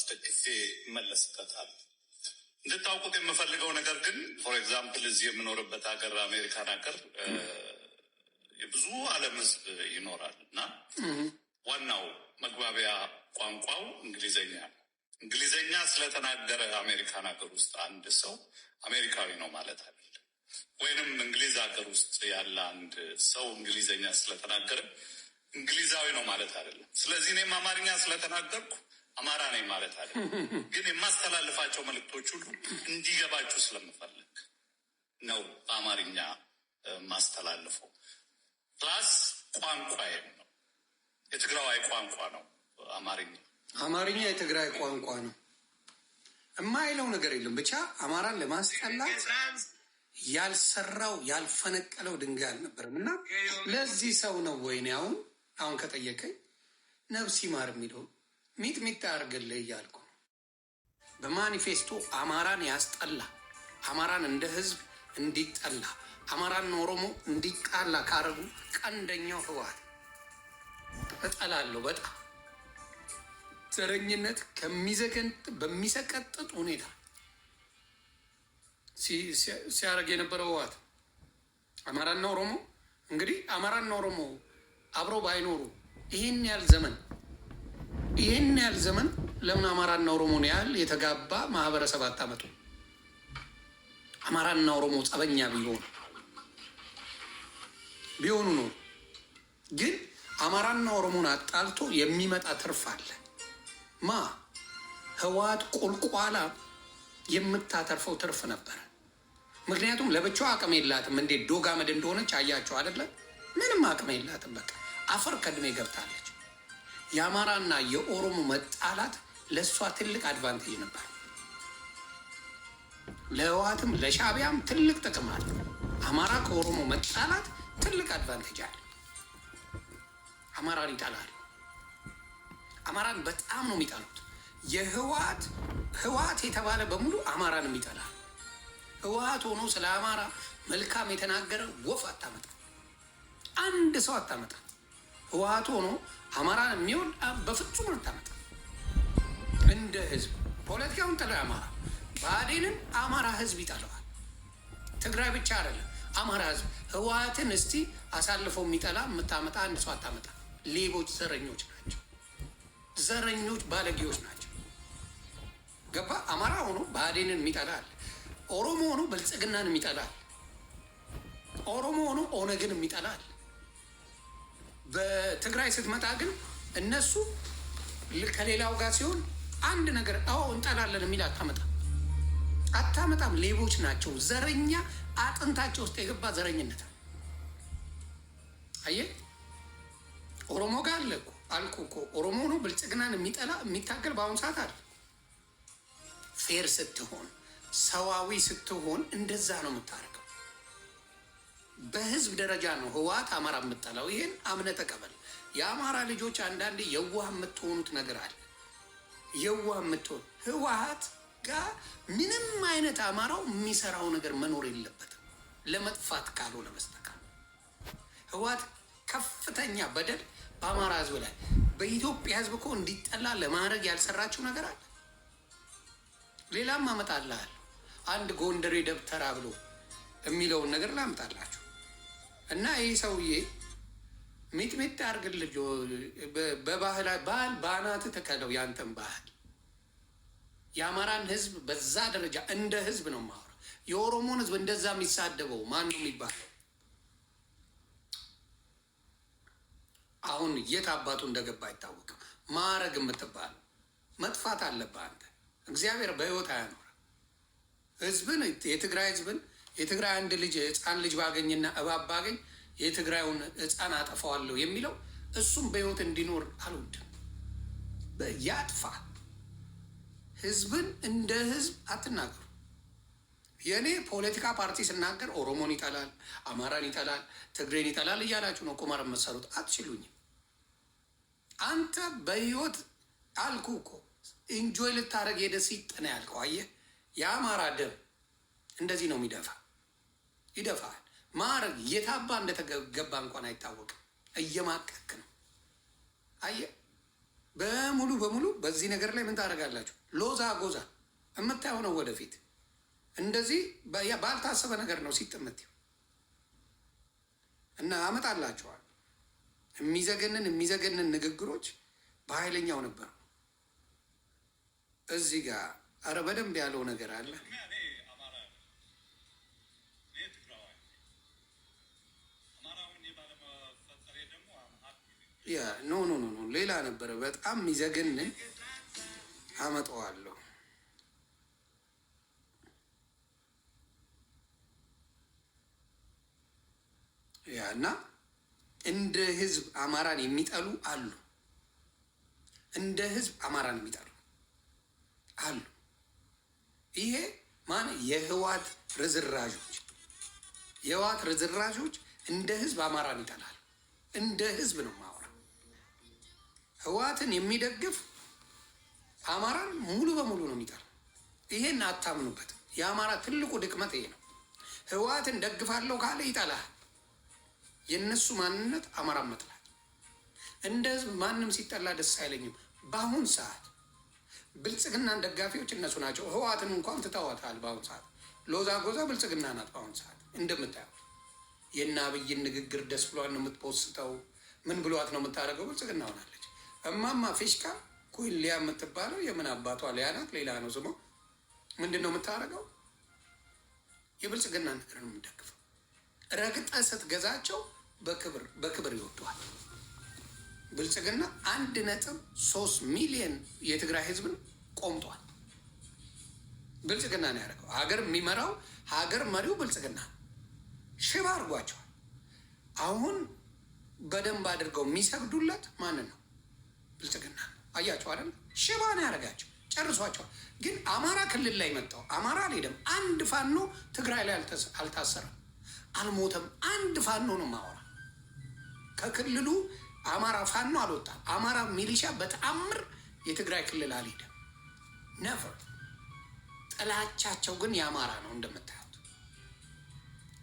አስደግፌ ይመለስበታል። እንድታውቁት የምፈልገው ነገር ግን ፎር ኤግዛምፕል እዚህ የምኖርበት ሀገር አሜሪካን ሀገር የብዙ ዓለም ሕዝብ ይኖራል እና ዋናው መግባቢያ ቋንቋው እንግሊዘኛ ነው። እንግሊዘኛ ስለተናገረ አሜሪካን ሀገር ውስጥ አንድ ሰው አሜሪካዊ ነው ማለት አይደለም። ወይንም እንግሊዝ ሀገር ውስጥ ያለ አንድ ሰው እንግሊዘኛ ስለተናገረ እንግሊዛዊ ነው ማለት አይደለም። ስለዚህ እኔም አማርኛ ስለተናገርኩ አማራ ነኝ ማለት አለ። ግን የማስተላልፋቸው መልእክቶች ሁሉ እንዲገባችሁ ስለምፈልግ ነው በአማርኛ ማስተላልፈው። ፕላስ ቋንቋዬም ነው የትግራዋይ ቋንቋ ነው አማርኛ። አማርኛ የትግራይ ቋንቋ ነው የማይለው ነገር የለም። ብቻ አማራን ለማስጠላት ያልሰራው ያልፈነቀለው ድንጋይ አልነበረም እና ለዚህ ሰው ነው ወይኔ አሁን አሁን ከጠየቀኝ ነብስ ይማር የሚለው ሚጥሚጣ አድርግልህ እያልኩ በማኒፌስቶ አማራን ያስጠላ አማራን እንደ ህዝብ እንዲጠላ አማራና ኦሮሞ እንዲጣላ ካረጉ ቀንደኛው ህወሓት እጠላለሁ። በጣም ዘረኝነት በሚሰቀጥጥ ሁኔታ ሲያደርግ የነበረው ህወሓት አማራና ኦሮሞ እንግዲህ አማራና ኦሮሞ አብረው ባይኖሩ ይህን ያህል ዘመን ይህን ያህል ዘመን ለምን አማራና ኦሮሞን ያህል የተጋባ ማህበረሰብ አታመጡ? አማራና ኦሮሞ ጸበኛ ቢሆኑ ቢሆኑ ነው። ግን አማራና ኦሮሞን አጣልቶ የሚመጣ ትርፍ አለ። ማ ህወሓት ቁልቋላ የምታተርፈው ትርፍ ነበረ። ምክንያቱም ለብቻዋ አቅም የላትም። እንዴት ዶግ አመድ እንደሆነች አያቸው አይደለም? ምንም አቅም የላትም። በቃ አፈር ከድሜ ገብታለች። የአማራና የኦሮሞ መጣላት ለእሷ ትልቅ አድቫንቴጅ ነበር። ለህወሓትም ለሻቢያም ትልቅ ጥቅም አለ። አማራ ከኦሮሞ መጣላት ትልቅ አድቫንቴጅ አለ። አማራን ይጠላል። አማራን በጣም ነው የሚጠሉት። የህወሓት ህወሓት የተባለ በሙሉ አማራንም ይጠላል። ህወሓት ሆኖ ስለ አማራ መልካም የተናገረ ወፍ አታመጣ፣ አንድ ሰው አታመጣ። ህወሓት ሆኖ አማራን የሚወድ በፍጹም ልታመጣ እንደ ህዝብ ፖለቲካውን ጥለ አማራ ብአዴንን አማራ ህዝብ ይጠለዋል። ትግራይ ብቻ አይደለም አማራ ህዝብ ህወሓትን እስቲ አሳልፎ የሚጠላ የምታመጣ አንድ ሰው አታመጣ። ሌቦች፣ ዘረኞች ናቸው። ዘረኞች ባለጌዎች ናቸው። ገባ አማራ ሆኖ ብአዴንን የሚጠላል፣ ኦሮሞ ሆኖ ብልጽግናን የሚጠላል፣ ኦሮሞ ሆኖ ኦነግን የሚጠላል በትግራይ ስትመጣ ግን እነሱ ከሌላው ጋር ሲሆን አንድ ነገር አዎ እንጠላለን የሚል አታመጣም አታመጣም። ሌቦች ናቸው። ዘረኛ አጥንታቸው ውስጥ የገባ ዘረኝነት አየ ኦሮሞ ጋር አለ እኮ አልኩ እኮ ኦሮሞ ነው ብልጽግናን የሚጠላ የሚታገል በአሁኑ ሰዓት አለ። ፌር ስትሆን ሰዋዊ ስትሆን እንደዛ ነው የምታረ በህዝብ ደረጃ ነው ህወሓት አማራ የምጠላው። ይህን አምነ ተቀበል። የአማራ ልጆች አንዳንዴ የዋህ የምትሆኑት ነገር አለ። የዋህ የምትሆኑ ህወሓት ጋር ምንም አይነት አማራው የሚሰራው ነገር መኖር የለበትም ለመጥፋት ካልሆነ በስተቀር ህወሓት ከፍተኛ በደል በአማራ ህዝብ ላይ በኢትዮጵያ ህዝብ እኮ እንዲጠላ ለማድረግ ያልሰራችው ነገር አለ። ሌላም አመጣልሃል። አንድ ጎንደሬ ደብተራ ብሎ የሚለውን ነገር ላምጣላችሁ። እና ይህ ሰውዬ ሚጥሚጥ አርግን ልጆ በባህል ባህል በአናት ተከለው ያንተን ባህል የአማራን ህዝብ በዛ ደረጃ እንደ ህዝብ ነው ማ የኦሮሞን ህዝብ እንደዛ የሚሳደበው ማን ነው የሚባለው? አሁን የት አባቱ እንደገባ አይታወቅም። ማዕረግ የምትባል መጥፋት አለብህ አንተ። እግዚአብሔር በህይወት አያኖርም ህዝብን የትግራይ ህዝብን የትግራይ አንድ ልጅ ህፃን ልጅ ባገኝና እባብ ባገኝ የትግራዩን ህፃን አጠፋዋለሁ የሚለው እሱም በህይወት እንዲኖር አልወድም። በያጥፋ ህዝብን እንደ ህዝብ አትናገሩ። የእኔ ፖለቲካ ፓርቲ ስናገር ኦሮሞን ይጠላል፣ አማራን ይጠላል፣ ትግሬን ይጠላል እያላችሁ ነው ቁማር መሰሩት። አትችሉኝም። አንተ በህይወት አልኩ እኮ ኢንጆይ ልታደረግ የደስ ይጠና ያልከው አየህ፣ የአማራ ደም እንደዚህ ነው የሚደፋ ይደፋል። ማር የታባ እንደተገባ እንኳን አይታወቅም። እየማቀክ ነው። አየ በሙሉ በሙሉ በዚህ ነገር ላይ ምን ታደርጋላችሁ? ሎዛ ጎዛ የምታየው ነው። ወደፊት እንደዚህ ባልታሰበ ነገር ነው ሲጥምት እና አመጣላቸዋል። የሚዘገንን የሚዘገንን ንግግሮች በኃይለኛው ነበሩ። እዚህ ጋር አረ በደንብ ያለው ነገር አለ። ያ ኖ ኖ ኖ ሌላ ነበረ። በጣም የሚዘገንን አመጣዋለሁ። ያ እና እንደ ህዝብ አማራን የሚጠሉ አሉ። እንደ ህዝብ አማራን የሚጠሉ አሉ። ይሄ ማን የህዋት ርዝራዦች የህዋት ርዝራዦች እንደ ህዝብ አማራን ይጠላል። እንደ ህዝብ ነው ህወሓትን የሚደግፍ አማራን ሙሉ በሙሉ ነው የሚጠር። ይሄን አታምኑበት። የአማራ ትልቁ ድክመት ይሄ ነው። ህወሓትን ደግፋለሁ ካለ ይጠላል። የእነሱ ማንነት አማራ መጥላል። እንደ ህዝብ ማንም ሲጠላ ደስ አይለኝም። በአሁን ሰዓት ብልጽግናን ደጋፊዎች እነሱ ናቸው። ህወሓትን እንኳን ትተዋታል። በአሁን ሰዓት ሎዛ ጎዛ ብልጽግና ናት። በአሁን ሰዓት እንደምታየው የእነ አብይን ንግግር ደስ ብሏት ነው የምትፖስተው። ምን ብሏት ነው የምታደርገው? ብልጽግና ሆናለች። እማማ ፊሽካ ኩሊያ የምትባለው የምን አባቷ ሊያ ናት፣ ሌላ ነው ስሞ ምንድን ነው የምታደርገው? የብልጽግና ነገር ነው የምደግፈው። ረግጠ ስትገዛቸው በክብር በክብር ይወደዋል። ብልጽግና አንድ ነጥብ ሶስት ሚሊዮን የትግራይ ህዝብን ቆምጧል። ብልጽግና ነው ያደረገው። ሀገር የሚመራው ሀገር መሪው ብልጽግና ሽባ አድርጓቸዋል። አሁን በደንብ አድርገው የሚሰግዱለት ማንን ነው? ብልጽግና አያቸው አይደል? ሽባ ነው ያደረጋቸው፣ ጨርሷቸዋል። ግን አማራ ክልል ላይ መጣው አማራ አልሄደም። አንድ ፋኖ ትግራይ ላይ አልታሰረም፣ አልሞተም። አንድ ፋኖ ነው ማወራ ከክልሉ አማራ ፋኖ አልወጣ። አማራ ሚሊሻ በተአምር የትግራይ ክልል አልሄደም። ነፈር ጥላቻቸው ግን የአማራ ነው እንደምታዩት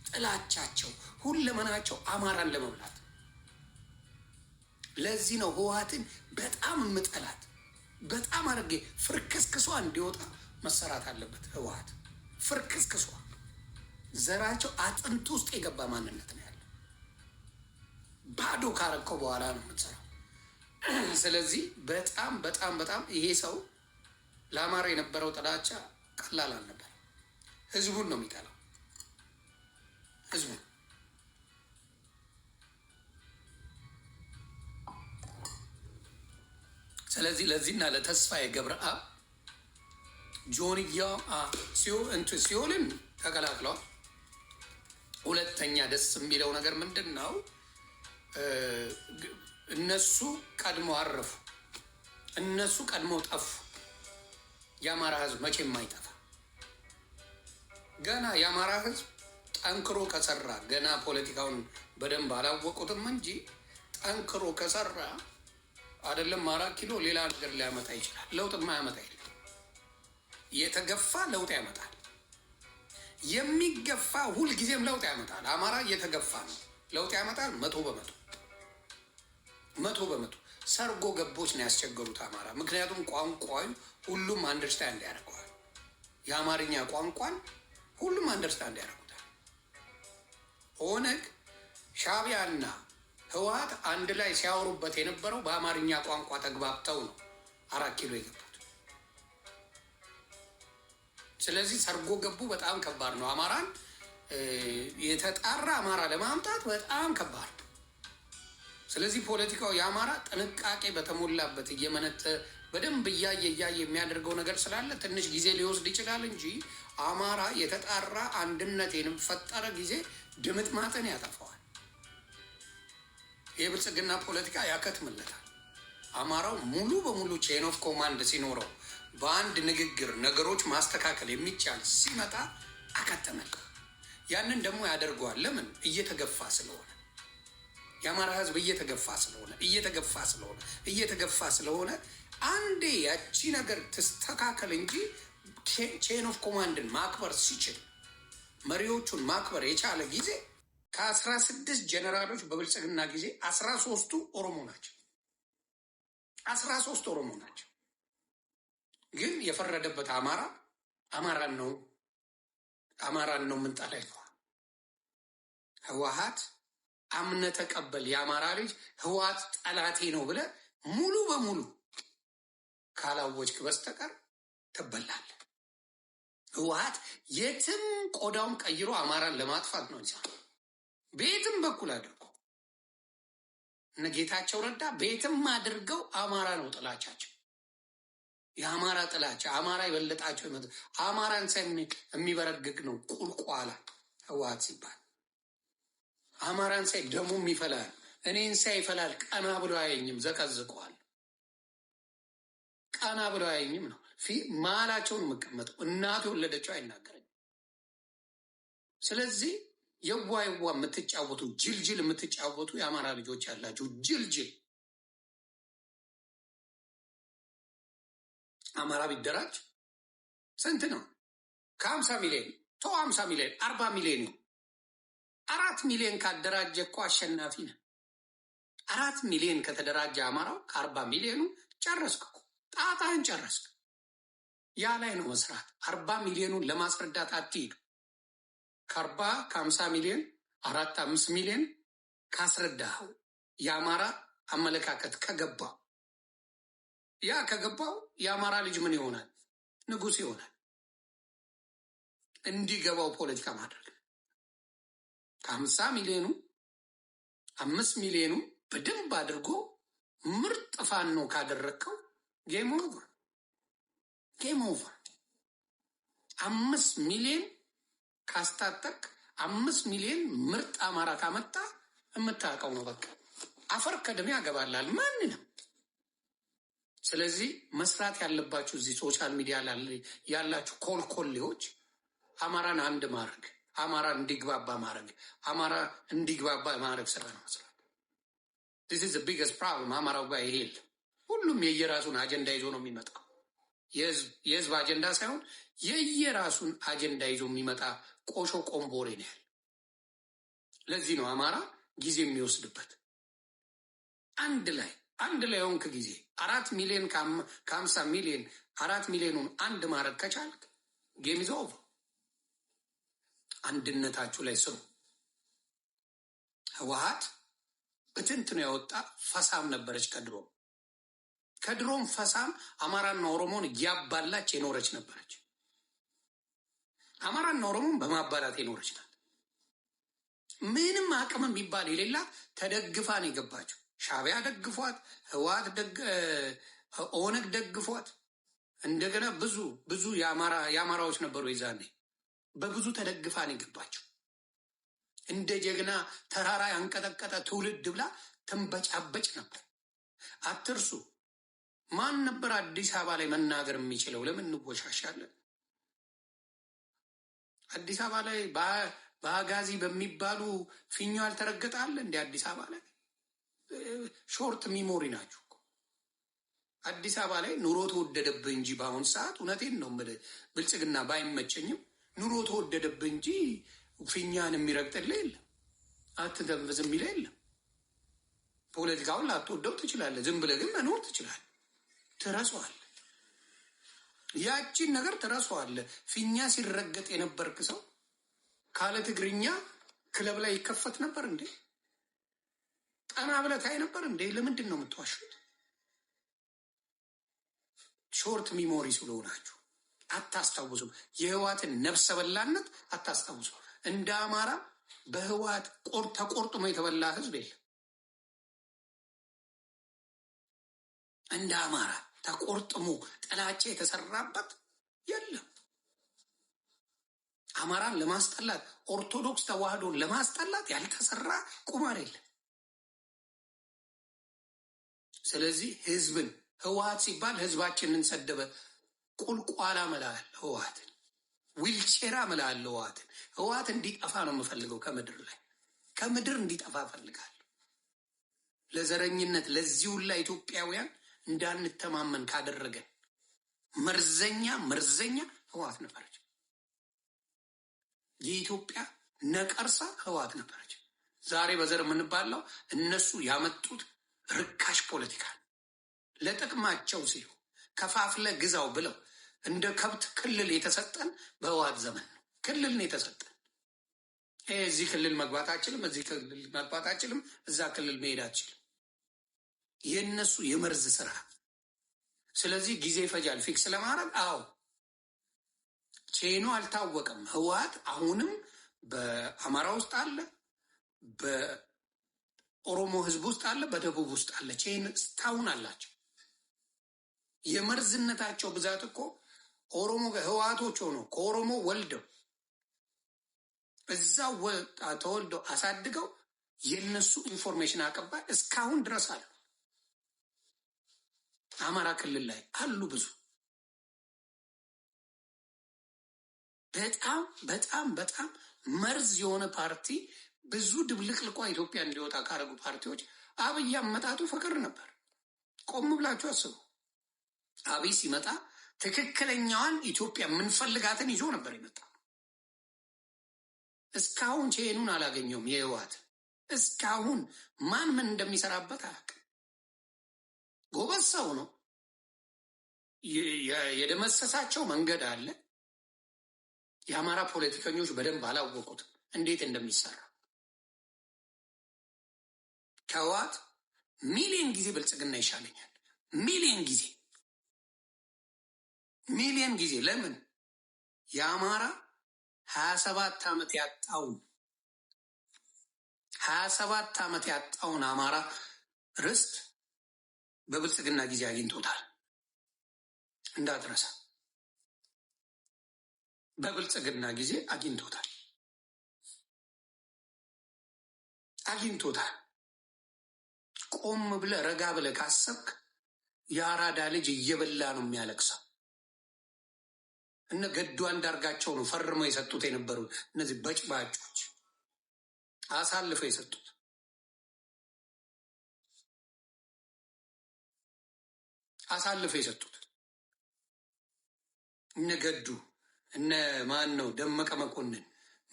ጥላቻቸው ሁለመናቸው አማራን ለመብላት ለዚህ ነው ህወሓትን በጣም ምጠላት። በጣም አድርጌ ፍርክስክሷ እንዲወጣ መሰራት አለበት። ህወሓት ፍርክስክሷ ዘራቸው አጥንቱ ውስጥ የገባ ማንነት ነው ያለ። ባዶ ካረከው በኋላ ነው የምትሰራው። ስለዚህ በጣም በጣም በጣም ይሄ ሰው ለአማራ የነበረው ጥላቻ ቀላል አልነበረ። ህዝቡን ነው የሚጠላው ህዝቡን ስለዚህ ለዚህና ለተስፋዬ ገብረአብ እንት ሲኦልን ተቀላቅለዋል። ሁለተኛ ደስ የሚለው ነገር ምንድን ነው? እነሱ ቀድሞ አረፉ። እነሱ ቀድሞ ጠፉ። የአማራ ህዝብ መቼም አይጠፋ። ገና የአማራ ህዝብ ጠንክሮ ከሰራ ገና ፖለቲካውን በደንብ አላወቁትም እንጂ ጠንክሮ ከሰራ አይደለም አራት ኪሎ ሌላ ነገር ሊያመጣ ይችላል። ለውጥ ማያመጣ የለም። የተገፋ ለውጥ ያመጣል። የሚገፋ ሁልጊዜም ለውጥ ያመጣል። አማራ እየተገፋ ነው፣ ለውጥ ያመጣል። መቶ በመቶ መቶ በመቶ ሰርጎ ገቦች ነው ያስቸገሩት አማራ። ምክንያቱም ቋንቋዩ ሁሉም አንደርስታንድ ያደርገዋል። የአማርኛ ቋንቋን ሁሉም አንደርስታንድ ያደርጉታል። ኦነግ ሻቢያና ህወሓት አንድ ላይ ሲያወሩበት የነበረው በአማርኛ ቋንቋ ተግባብተው ነው አራት ኪሎ የገቡት። ስለዚህ ሰርጎ ገቡ በጣም ከባድ ነው። አማራን የተጣራ አማራ ለማምጣት በጣም ከባድ ነው። ስለዚህ ፖለቲካው የአማራ ጥንቃቄ በተሞላበት እየመነተ በደንብ እያየ እያየ የሚያደርገው ነገር ስላለ ትንሽ ጊዜ ሊወስድ ይችላል እንጂ አማራ የተጣራ አንድነት ፈጠረ ጊዜ ድምጥ ማጠን ያጠፋዋል። የብልጽግና ፖለቲካ ያከትምለታል። አማራው ሙሉ በሙሉ ቼን ኦፍ ኮማንድ ሲኖረው በአንድ ንግግር ነገሮች ማስተካከል የሚቻል ሲመጣ አከተመል። ያንን ደግሞ ያደርገዋል። ለምን? እየተገፋ ስለሆነ የአማራ ህዝብ እየተገፋ ስለሆነ እየተገፋ ስለሆነ እየተገፋ ስለሆነ አንዴ ያቺ ነገር ትስተካከል እንጂ ቼን ኦፍ ኮማንድን ማክበር ሲችል መሪዎቹን ማክበር የቻለ ጊዜ ከአስራ ስድስት ጀነራሎች በብልጽግና ጊዜ አስራ ሶስቱ ኦሮሞ ናቸው። አስራ ሶስት ኦሮሞ ናቸው። ግን የፈረደበት አማራ አማራን ነው አማራን ነው የምንጠላ ይለዋል። ህወሀት አምነ ተቀበል የአማራ ልጅ ህወሀት ጠላቴ ነው ብለ ሙሉ በሙሉ ካላወጅክ በስተቀር ትበላለ። ህወሀት የትም ቆዳውን ቀይሮ አማራን ለማጥፋት ነው ይዛ ቤትም በኩል አድርጎ እነ ጌታቸው ረዳ ቤትም አድርገው አማራ ነው ጥላቻቸው። የአማራ ጥላቻ አማራ የበለጣቸው አማራን ሳይ የሚበረግግ ነው ቁልቋላ ህወሓት ሲባል አማራን ሳይ ደሙም ይፈላል፣ እኔን ሳይ ይፈላል። ቀና ብሎ አያኝም። ዘቀዝቀዋል። ቀና ብሎ አያኝም ነው መሀላቸውን የምቀመጠው። እናቱ የወለደችው አይናገረኝም። ስለዚህ የዋ የዋ የምትጫወቱ ጅልጅል የምትጫወቱ የአማራ ልጆች ያላችሁ ጅልጅል አማራ ቢደራጅ ስንት ነው? ከሀምሳ ሚሊዮን ቶ ሀምሳ ሚሊዮን አርባ ሚሊዮን ነው። አራት ሚሊዮን ካደራጀ እኮ አሸናፊ ነው። አራት ሚሊዮን ከተደራጀ አማራው ከአርባ ሚሊዮኑ ጨረስክ እኮ ጣጣህን ጨረስክ። ያ ላይ ነው መስራት። አርባ ሚሊዮኑን ለማስረዳት አትሄዱ። ከአርባ ከአምሳ ሚሊዮን አራት አምስት ሚሊዮን ካስረዳኸው የአማራ አመለካከት ከገባ ያ ከገባው የአማራ ልጅ ምን ይሆናል? ንጉስ ይሆናል። እንዲገባው ፖለቲካ ማድረግ ከአምሳ ሚሊዮኑ አምስት ሚሊዮኑ በደንብ አድርጎ ምርጥ ፋኖ ነው ካደረግከው ጌም ኦቨር ጌም ኦቨር አምስት ሚሊዮን ካስታጠቅ አምስት ሚሊዮን ምርጥ አማራ ካመጣ የምታውቀው ነው። በቃ አፈር ከደሜ ያገባላል ነው? ስለዚህ መስራት ያለባችሁ እዚህ ሶሻል ሚዲያ ያላችሁ ኮልኮሌዎች አማራን አንድ ማድረግ፣ አማራ እንዲግባባ ማድረግ፣ አማራ እንዲግባባ ማድረግ ስራ ነው መስራት። ዚስ ኢዝ ቢገስት ፕሮብለም አማራው ጋር ይሄል። ሁሉም የየራሱን አጀንዳ ይዞ ነው የሚመጣው። የህዝብ አጀንዳ ሳይሆን የየራሱን አጀንዳ ይዞ የሚመጣ ቆሾ ቆንቦሬ ነው ያለ። ለዚህ ነው አማራ ጊዜ የሚወስድበት። አንድ ላይ አንድ ላይ ሆንክ ጊዜ አራት ሚሊዮን ከሀምሳ ሚሊዮን አራት ሚሊዮኑን አንድ ማድረግ ከቻልክ ጌም ይዘ አንድነታችሁ ላይ ስሩ። ህወሀት በትንት ነው ያወጣ ፈሳም ነበረች ከድሮም ከድሮም ፈሳም አማራና ኦሮሞን እያባላች የኖረች ነበረች። አማራና ኦሮሞን በማባላት የኖረች ናት። ምንም አቅም የሚባል የሌላት ተደግፋ ነው የገባቸው። ሻቢያ ደግፏት፣ ህዋት ኦነግ ደግፏት። እንደገና ብዙ ብዙ የአማራዎች ነበሩ የዛኔ በብዙ ተደግፋ ነው የገባቸው። እንደ ጀግና ተራራ ያንቀጠቀጠ ትውልድ ብላ ትንበጫበጭ ነበር። አትርሱ። ማን ነበር አዲስ አበባ ላይ መናገር የሚችለው? ለምን እንወሻሻለን? አዲስ አበባ ላይ በአጋዚ በሚባሉ ፊኛ ያልተረገጣለ እንዲ አዲስ አበባ ላይ ሾርት ሚሞሪ ናችሁ። አዲስ አበባ ላይ ኑሮ ተወደደብህ እንጂ በአሁን ሰዓት እውነቴን ነው የምልህ፣ ብልጽግና ባይመቸኝም ኑሮ ተወደደብህ እንጂ ፊኛን የሚረግጥልህ የለም፣ አትተንፍስ የሚልህ የለም። ፖለቲካውን ላትወደው ትችላለህ፣ ዝም ብለህ ግን መኖር ትችላለህ። ትረሷል። ያቺን ነገር ትረሷል። ፊኛ ሲረገጥ የነበርክ ሰው ካለ ትግርኛ ክለብ ላይ ይከፈት ነበር እንዴ? ጠና ብለህ ታይ ነበር እንዴ? ለምንድን ነው የምትዋሹት? ሾርት ሚሞሪ ስለሆናችሁ አታስታውሱም። የህዋትን ነፍሰ በላነት አታስታውሱም። እንደ አማራ በህዋት ተቆርጥሞ የተበላ ህዝብ የለም እንደ አማራ ተቆርጥሞ ጥላቻ የተሰራበት የለም። አማራን ለማስጠላት ኦርቶዶክስ ተዋህዶን ለማስጠላት ያልተሰራ ቁማር የለም። ስለዚህ ህዝብን ህወሀት ሲባል ህዝባችንን ሰደበ። ቁልቋላ መላል ህወሀትን ዊልቼራ መላል ህወሀትን ህወሀት እንዲጠፋ ነው የምፈልገው። ከምድር ላይ ከምድር እንዲጠፋ እፈልጋለሁ። ለዘረኝነት ለዚሁላ ኢትዮጵያውያን እንዳንተማመን ካደረገ መርዘኛ መርዘኛ ህወሓት ነበረች። የኢትዮጵያ ነቀርሳ ህወሓት ነበረች። ዛሬ በዘር የምንባለው እነሱ ያመጡት ርካሽ ፖለቲካ ለጥቅማቸው ሲሉ ከፋፍለ ግዛው ብለው እንደ ከብት ክልል የተሰጠን በህወሓት ዘመን ነው። ክልል ነው የተሰጠን። እዚህ ክልል መግባት አችልም፣ እዚህ ክልል መግባት አችልም፣ እዛ ክልል መሄድ አችልም። የነሱ የመርዝ ስራ። ስለዚህ ጊዜ ይፈጃል ፊክስ ለማድረግ። አዎ ቼኑ አልታወቀም። ህወሀት አሁንም በአማራ ውስጥ አለ፣ በኦሮሞ ህዝብ ውስጥ አለ፣ በደቡብ ውስጥ አለ። ቼን እስካሁን አላቸው። የመርዝነታቸው ብዛት እኮ ኦሮሞ ህወሀቶች ሆኖ ከኦሮሞ ወልደው እዛ ተወልደው አሳድገው የነሱ ኢንፎርሜሽን አቀባይ እስካሁን ድረስ አለ። አማራ ክልል ላይ አሉ ብዙ በጣም በጣም በጣም መርዝ የሆነ ፓርቲ ብዙ ድብልቅልቋ ኢትዮጵያ እንዲወጣ ካደረጉ ፓርቲዎች አብይ አመጣጡ ፍቅር ነበር። ቆም ብላችሁ አስቡ። አብይ ሲመጣ ትክክለኛዋን ኢትዮጵያ የምንፈልጋትን ይዞ ነበር ይመጣ። እስካሁን ቼኑን አላገኘውም። የህወሓት እስካሁን ማን ምን እንደሚሰራበት አያውቅም። ጎበዝ ሰው ነው። የደመሰሳቸው መንገድ አለ። የአማራ ፖለቲከኞች በደንብ አላወቁትም እንዴት እንደሚሰራ ከህወሓት ሚሊየን ጊዜ ብልጽግና ይሻለኛል። ሚሊየን ጊዜ ሚሊየን ጊዜ ለምን የአማራ ሀያ ሰባት ዓመት ያጣውን ሀያ ሰባት ዓመት ያጣውን አማራ ርስት በብልጽግና ጊዜ አግኝቶታል። እንዳትረሳ፣ በብልጽግና ጊዜ አግኝቶታል አግኝቶታል። ቆም ብለህ ረጋ ብለህ ካሰብክ የአራዳ ልጅ እየበላ ነው የሚያለቅሰው። እነ ገዱ አንዳርጋቸው ነው ፈርመው የሰጡት የነበሩ እነዚህ በጭባጮች አሳልፈው የሰጡት። አሳልፈው የሰጡት እነ ገዱ እነ ማን ነው ደመቀ መኮንን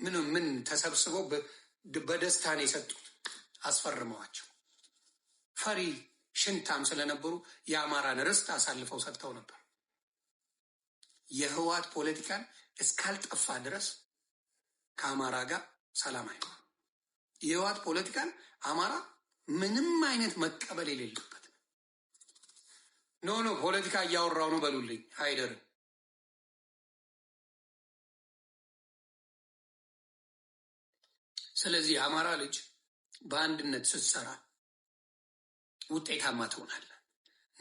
ምን ምን ተሰብስበው በደስታ ነው የሰጡት። አስፈርመዋቸው ፈሪ ሽንታም ስለነበሩ የአማራን ርስት አሳልፈው ሰጥተው ነበር። የህወሓት ፖለቲካን እስካልጠፋ ድረስ ከአማራ ጋር ሰላም አይ የህወሓት ፖለቲካን አማራ ምንም አይነት መቀበል የሌለው ኖ ኖ ፖለቲካ እያወራው ነው በሉልኝ ሃይደርን ስለዚህ የአማራ ልጅ በአንድነት ስትሰራ ውጤታማ ትሆናለ።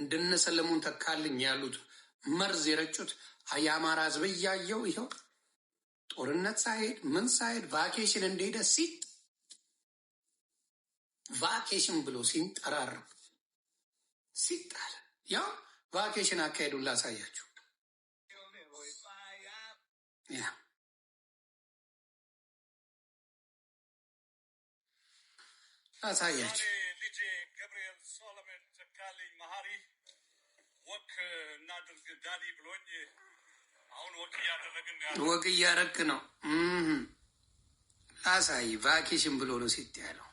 እንደነ ሰለሞን ተካልኝ ያሉት መርዝ የረጩት የአማራ ህዝብ እያየው ይኸው ጦርነት ሳይሄድ ምን ሳይሄድ ቫኬሽን እንደሄደ ሲጥ ቫኬሽን ብሎ ሲንጠራር ሲጣል ያ ቫኬሽን አካሄዱን ላሳያችሁ። ላሳያችሁ ልጄ ገብርኤል ተካልኝ መሀሪ ወክ እናድርግ ዳዲ ብሎኝ፣ አሁን ወክ እያደረግን ወክ ነው። ላሳይ ቫኬሽን ብሎ ነው ሲት ያለው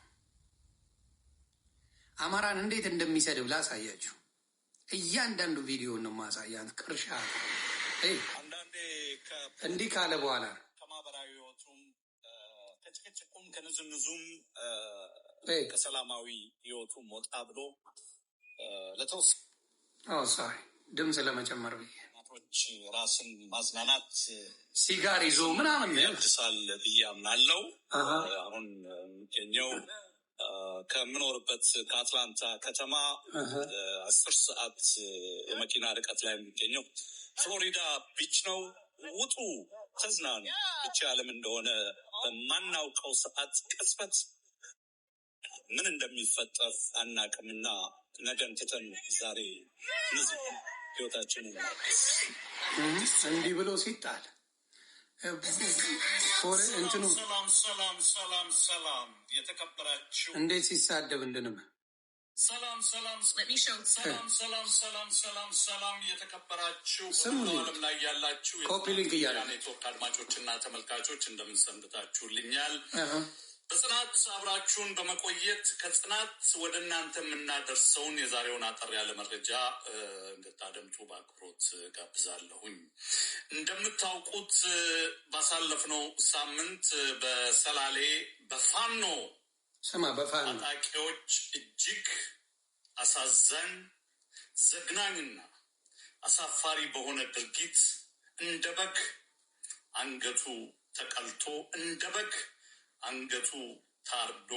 አማራን እንዴት እንደሚሰድብ ላሳያችሁ። እያንዳንዱ ቪዲዮ ነው ማሳያት ቅርሻ እንዲህ ካለ በኋላ ከማህበራዊ ህይወቱም ከጭቅጭቁም ከንዝንዙም ከሰላማዊ ህይወቱ ወጣ ብሎ ለተወስ ድምፅ ለመጨመር ብዬ ራስን ማዝናናት ሲጋር ይዞ ምናምን ያድሳል ብዬ አምናለሁ። አሁን የሚገኘው ከምኖርበት ከአትላንታ ከተማ አስር ሰዓት የመኪና ርቀት ላይ የሚገኘው ፍሎሪዳ ቢች ነው። ውጡ፣ ተዝናኑ። ብቻ ዓለም እንደሆነ በማናውቀው ሰዓት ቅጽበት ምን እንደሚፈጠር አናቅምና ነገን ትተን ዛሬ ህይወታችንን እንዲህ ብሎ ሲጣል እንትኑ ሰላም ሰላም ሰላም የተከበራችሁ እንዴት ሲሳደብ እንድንም ሰላም ሰላም ሰላም ሰላም ሰላም ሰላም ሰላም የተከበራችሁ ዓለም ላይ ያላችሁ ኔትወርክ አድማጮች ተመልካቾች እንደምንሰንብታችሁልኛል። በጽናት አብራችሁን በመቆየት ከጽናት ወደ እናንተ የምናደርሰውን የዛሬውን አጠር ያለ መረጃ እንድታደምጡ በአክብሮት ጋብዛለሁኝ። እንደምታውቁት ባሳለፍነው ሳምንት በሰላሌ በፋኖ ስማ በፋኖ ታጣቂዎች እጅግ አሳዛኝ ዘግናኝና አሳፋሪ በሆነ ድርጊት እንደ በግ አንገቱ ተቀልቶ እንደ በግ አንገቱ ታርዶ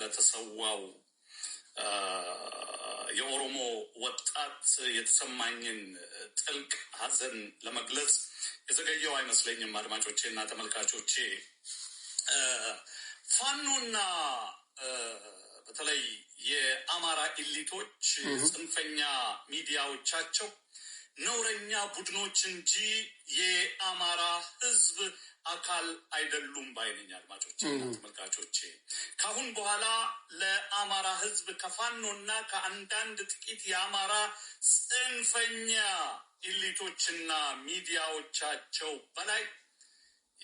ለተሰዋው የኦሮሞ ወጣት የተሰማኝን ጥልቅ ሐዘን ለመግለጽ የዘገየው አይመስለኝም። አድማጮቼ እና ተመልካቾቼ ፋኖና በተለይ የአማራ ኢሊቶች ጽንፈኛ ሚዲያዎቻቸው ነውረኛ ቡድኖች እንጂ የአማራ ሕዝብ አካል አይደሉም ባይነኝ። አድማጮቼ ተመልካቾቼ ከአሁን በኋላ ለአማራ ህዝብ ከፋኖና ከአንዳንድ ጥቂት የአማራ ጽንፈኛ ኢሊቶችና ሚዲያዎቻቸው በላይ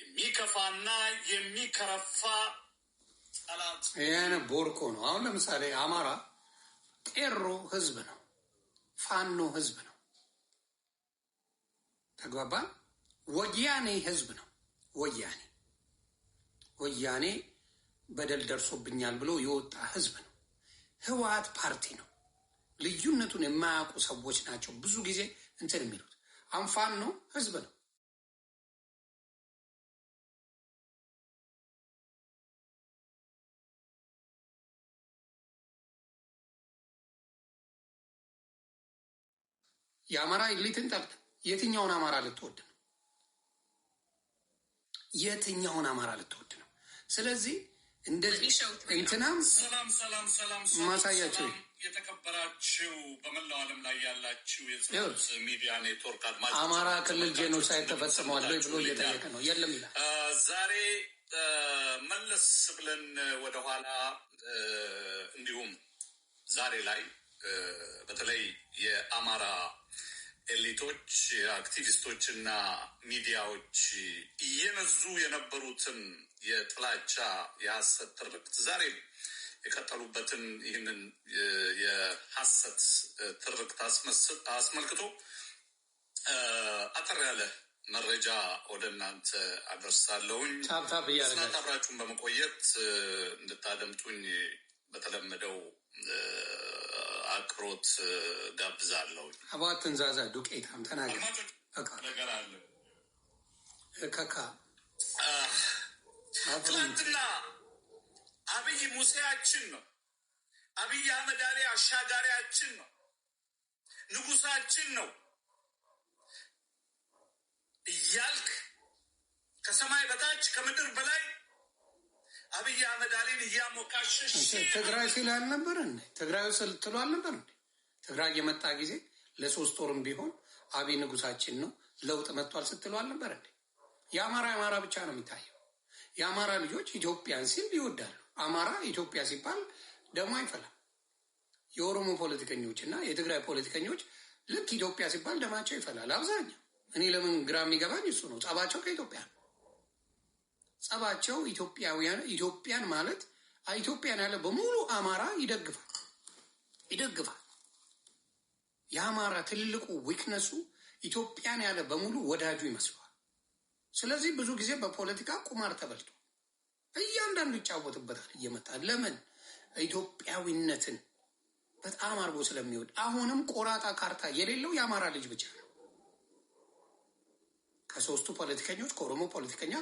የሚከፋና የሚከረፋ ጠላት ይህን ቦርኮ ነው። አሁን ለምሳሌ አማራ ጤሮ ህዝብ ነው፣ ፋኖ ህዝብ ነው፣ ተግባባ ወያኔ ህዝብ ነው ወያኔ ወያኔ በደል ደርሶብኛል ብሎ የወጣ ህዝብ ነው። ህወሀት ፓርቲ ነው። ልዩነቱን የማያውቁ ሰዎች ናቸው ብዙ ጊዜ እንትን የሚሉት አንፋን ነው ህዝብ ነው። የአማራ ሊትን ጠልቅ የትኛውን አማራ ልትወድ የትኛውን አማራ ልትወድ ነው? ስለዚህ እንደዚህ እንትናም ሰላም ሰላም ሰላም ማሳያቸው የተከበራችሁ በመላው ዓለም ላይ ያላችሁ የጽሑፍ ሚዲያ ኔትወርክ አድማጭ አማራ ክልል ጄኖሳይድ ተፈጽመዋል ብሎ እየጠየቀ ነው። የለም ይላል። ዛሬ መለስ ብለን ወደኋላ እንዲሁም ዛሬ ላይ በተለይ የአማራ ኤሊቶች፣ አክቲቪስቶች እና ሚዲያዎች እየነዙ የነበሩትን የጥላቻ የሐሰት ትርክት ዛሬ የቀጠሉበትን ይህንን የሐሰት ትርክት አስመልክቶ አጠር ያለ መረጃ ወደ እናንተ አደርሳለሁኝ። ስናት አብራችሁን በመቆየት እንድታደምጡኝ በተለመደው አቅሮት ጋብዛለሁ። አባትን ዛዛ ዱቄታም ተናገር ነገር አለ ከካ አብይ ሙሴያችን ነው። አብይ አህመድ አሊ አሻጋሪያችን ነው። ንጉሳችን ነው እያልክ ከሰማይ በታች ከምድር በላይ አብይ አህመድ አሊን እያሞካሸሽ ትግራይ ሲል አልነበረ? ትግራዩ ትሎ አልነበር? ትግራይ የመጣ ጊዜ ለሶስት ወርም ቢሆን አብይ ንጉሳችን ነው ለውጥ መጥቷል ስትሎ አልነበር? የአማራ የአማራ ብቻ ነው የሚታየው። የአማራ ልጆች ኢትዮጵያን ሲል ይወዳሉ። አማራ ኢትዮጵያ ሲባል ደግሞ አይፈላም። የኦሮሞ ፖለቲከኞች እና የትግራይ ፖለቲከኞች ልክ ኢትዮጵያ ሲባል ደማቸው ይፈላል አብዛኛው። እኔ ለምን ግራ የሚገባኝ እሱ ነው። ጸባቸው ከኢትዮጵያ ነው። ጸባቸው ኢትዮጵያውያን ኢትዮጵያን ማለት ኢትዮጵያን ያለ በሙሉ አማራ ይደግፋል ይደግፋል። የአማራ ትልቁ ዊክነሱ ኢትዮጵያን ያለ በሙሉ ወዳጁ ይመስለዋል። ስለዚህ ብዙ ጊዜ በፖለቲካ ቁማር ተበልቶ እያንዳንዱ ይጫወትበታል እየመጣ ለምን ኢትዮጵያዊነትን በጣም አርጎ ስለሚወድ አሁንም ቆራጣ ካርታ የሌለው የአማራ ልጅ ብቻ ነው። ከሶስቱ ፖለቲከኞች፣ ከኦሮሞ ፖለቲከኛ፣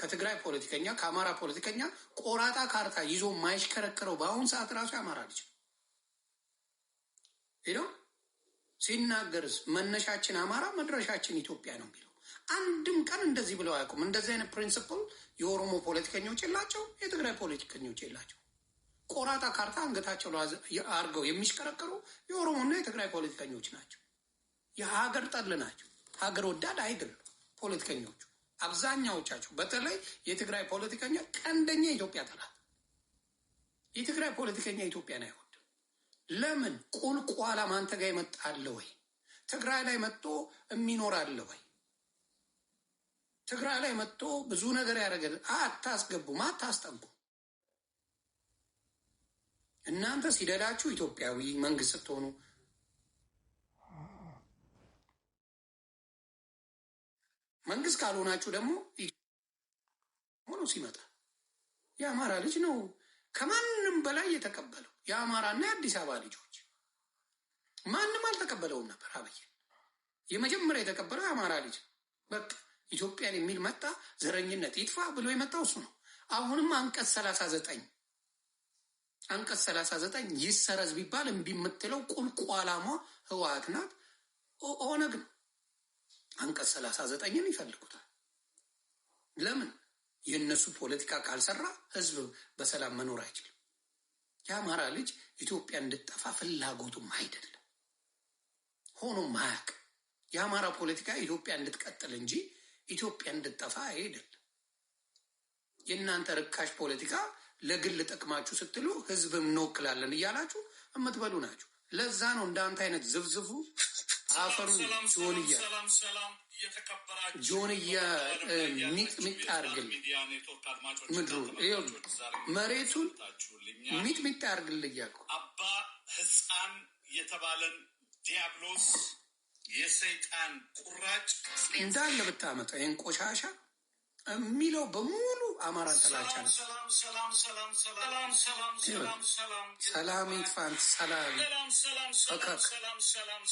ከትግራይ ፖለቲከኛ፣ ከአማራ ፖለቲከኛ ቆራጣ ካርታ ይዞ የማይሽከረከረው በአሁን ሰዓት ራሱ የአማራ ልጅ ነው። ሲናገርስ መነሻችን አማራ መድረሻችን ኢትዮጵያ ነው የሚለው አንድም ቀን እንደዚህ ብለው አያውቁም። እንደዚህ አይነት ፕሪንስፕል የኦሮሞ ፖለቲከኞች የላቸው፣ የትግራይ ፖለቲከኞች የላቸው። ቆራጣ ካርታ አንገታቸው አድርገው የሚሽከረከሩ የኦሮሞና የትግራይ ፖለቲከኞች ናቸው። የሀገር ጠል ናቸው። ሀገር ወዳድ አይደለም። ፖለቲከኞቹ አብዛኛዎቻቸው በተለይ የትግራይ ፖለቲከኛ ቀንደኛ ኢትዮጵያ ጠላት። የትግራይ ፖለቲከኛ ኢትዮጵያን አይወድም። ለምን ቁልቋላ ማንተ ጋር ይመጣለ ወይ? ትግራይ ላይ መጥቶ የሚኖር አለ ወይ? ትግራይ ላይ መጥቶ ብዙ ነገር ያደረገ አታስገቡም፣ አታስጠቡም። እናንተ ሲደላችሁ ኢትዮጵያዊ መንግስት ስትሆኑ መንግስት ካልሆናችሁ ደግሞ ሆኖ ሲመጣ የአማራ ልጅ ነው ከማንም በላይ የተቀበለው። የአማራና የአዲስ አበባ ልጆች ማንም አልተቀበለውም ነበር አብይን። የመጀመሪያ የተቀበለው የአማራ ልጅ በቃ ኢትዮጵያን የሚል መጣ፣ ዘረኝነት ይጥፋ ብሎ የመጣው እሱ ነው። አሁንም አንቀጽ ሰላሳ ዘጠኝ አንቀጽ ሰላሳ ዘጠኝ ይሰረዝ ቢባል እምቢ የምትለው ቁልቁ አላማ ህወሓት ናት፣ ኦነግ ነው። አንቀጽ ሰላሳ ዘጠኝን ይፈልጉታል። ለምን? የእነሱ ፖለቲካ ካልሰራ ህዝብ በሰላም መኖር አይችልም። የአማራ ልጅ ኢትዮጵያ እንድጠፋ ፍላጎቱም አይደለም፣ ሆኖም ማያቅ የአማራ ፖለቲካ ኢትዮጵያ እንድትቀጥል እንጂ ኢትዮጵያ እንድጠፋ አይደለም። የእናንተ ርካሽ ፖለቲካ ለግል ጥቅማችሁ ስትሉ ህዝብ እንወክላለን እያላችሁ የምትበሉ ናችሁ። ለዛ ነው እንዳንተ አይነት ዝብዝቡ አፈሩ ጆንያ ጆንያ ሚጥሚጥ አርግል ምድሩ መሬቱን ሚጥሚጥ አርግል ያቁ አባ ህፃን የተባለን ዲያብሎስ የሰይጣን ቁራጭ እንዳለ ብታመጣ ይህን ቆሻሻ የሚለው በሙሉ አማራን ጥላቻ ነው። ሰላም ይጥፋን።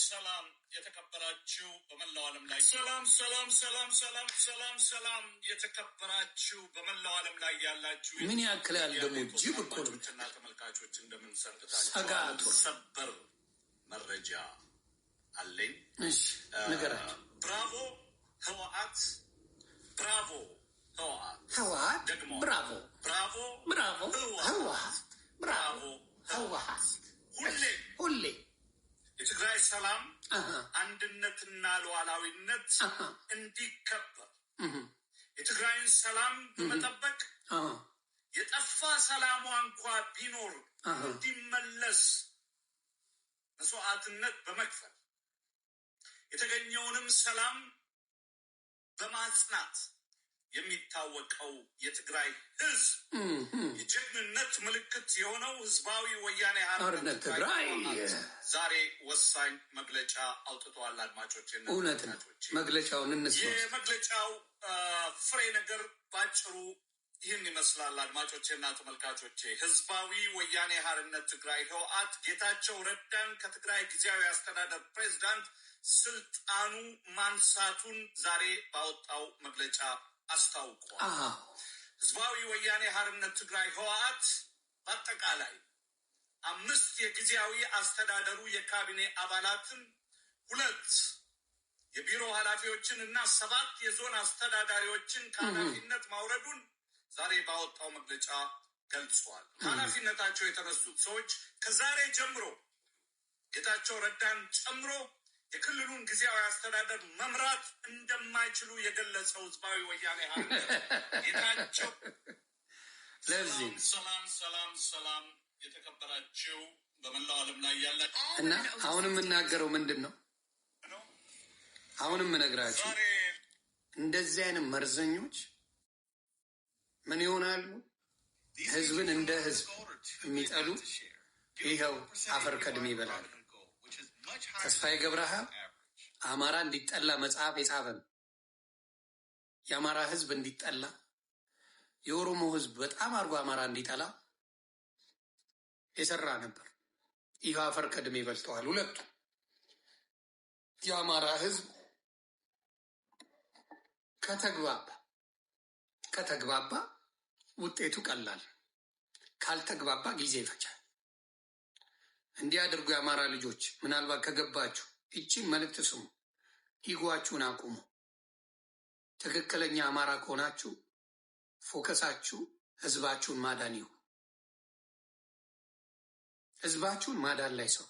ሰላም የተከበራችሁ በመላው ዓለም ላይ ሰላም ሰላም ሰላም ሰላም ሰላም ሰላም የተከበራችሁ በመላው ዓለም ላይ ያላችሁ ምን ያክል ያል ደግሞ ጅብ እኮ ነው ተመልካቾች ሰበር መረጃ አለኝ። ብራቮ ህወሓት ህወሓት ብራቮ ብራቮ ብራቮ ህወሓት ብራቮ ህወሓት ሁሌ ሁሌ የትግራይ ሰላም አንድነትና ሉዓላዊነት እንዲከበር የትግራይን ሰላም በመጠበቅ የጠፋ ሰላሟ እንኳ ቢኖር እንዲመለስ መስዋዕትነት በመክፈል የተገኘውንም ሰላም በማጽናት የሚታወቀው የትግራይ ህዝብ የጀግንነት ምልክት የሆነው ህዝባዊ ወያኔ ሓርነት ትግራይ ዛሬ ወሳኝ መግለጫ አውጥተዋል። አድማጮች እውነት ነው። መግለጫውን እንስ የመግለጫው ፍሬ ነገር ባጭሩ ይህን ይመስላል። አድማጮቼና ተመልካቾቼ ህዝባዊ ወያኔ ሓርነት ትግራይ ህወሓት ጌታቸው ረዳን ከትግራይ ጊዜያዊ አስተዳደር ፕሬዚዳንት ስልጣኑ ማንሳቱን ዛሬ ባወጣው መግለጫ አስታውቋል። ህዝባዊ ወያኔ ሀርነት ትግራይ ህወሓት በአጠቃላይ አምስት የጊዜያዊ አስተዳደሩ የካቢኔ አባላትን ሁለት የቢሮ ኃላፊዎችን እና ሰባት የዞን አስተዳዳሪዎችን ከኃላፊነት ማውረዱን ዛሬ ባወጣው መግለጫ ገልጿል። ከኃላፊነታቸው የተነሱት ሰዎች ከዛሬ ጀምሮ ጌታቸው ረዳን ጨምሮ የክልሉን ጊዜያዊ አስተዳደር መምራት እንደማይችሉ የገለጸው ህዝባዊ ወያኔ ጌታቸው ለዚህ ሰላም ሰላም ሰላም የተከበራችሁ በመላው ዓለም ላይ ያላችሁ እና አሁን የምናገረው ምንድን ነው? አሁን የምነግራችሁ እንደዚህ አይነት መርዘኞች ምን ይሆናሉ? ህዝብን እንደ ህዝብ የሚጠሉ ይኸው አፈር ከድሜ ይበላሉ። ተስፋዬ ገብረአብ አማራ እንዲጠላ መጽሐፍ የጻፈ ነው። የአማራ ህዝብ እንዲጠላ የኦሮሞ ህዝብ በጣም አድርጎ አማራ እንዲጠላ የሰራ ነበር። ይህ አፈር ከድሜ ይበልጠዋል። ሁለቱ የአማራ ህዝብ ከተግባባ ከተግባባ ውጤቱ ቀላል፣ ካልተግባባ ጊዜ ይፈጃል። እንዲህ አድርጉ የአማራ ልጆች፣ ምናልባት ከገባችሁ እቺን መልእክት ስሙ። ሂጓችሁን አቁሙ። ትክክለኛ አማራ ከሆናችሁ ፎከሳችሁ ህዝባችሁን ማዳን ይሁን። ህዝባችሁን ማዳን ላይ ሰው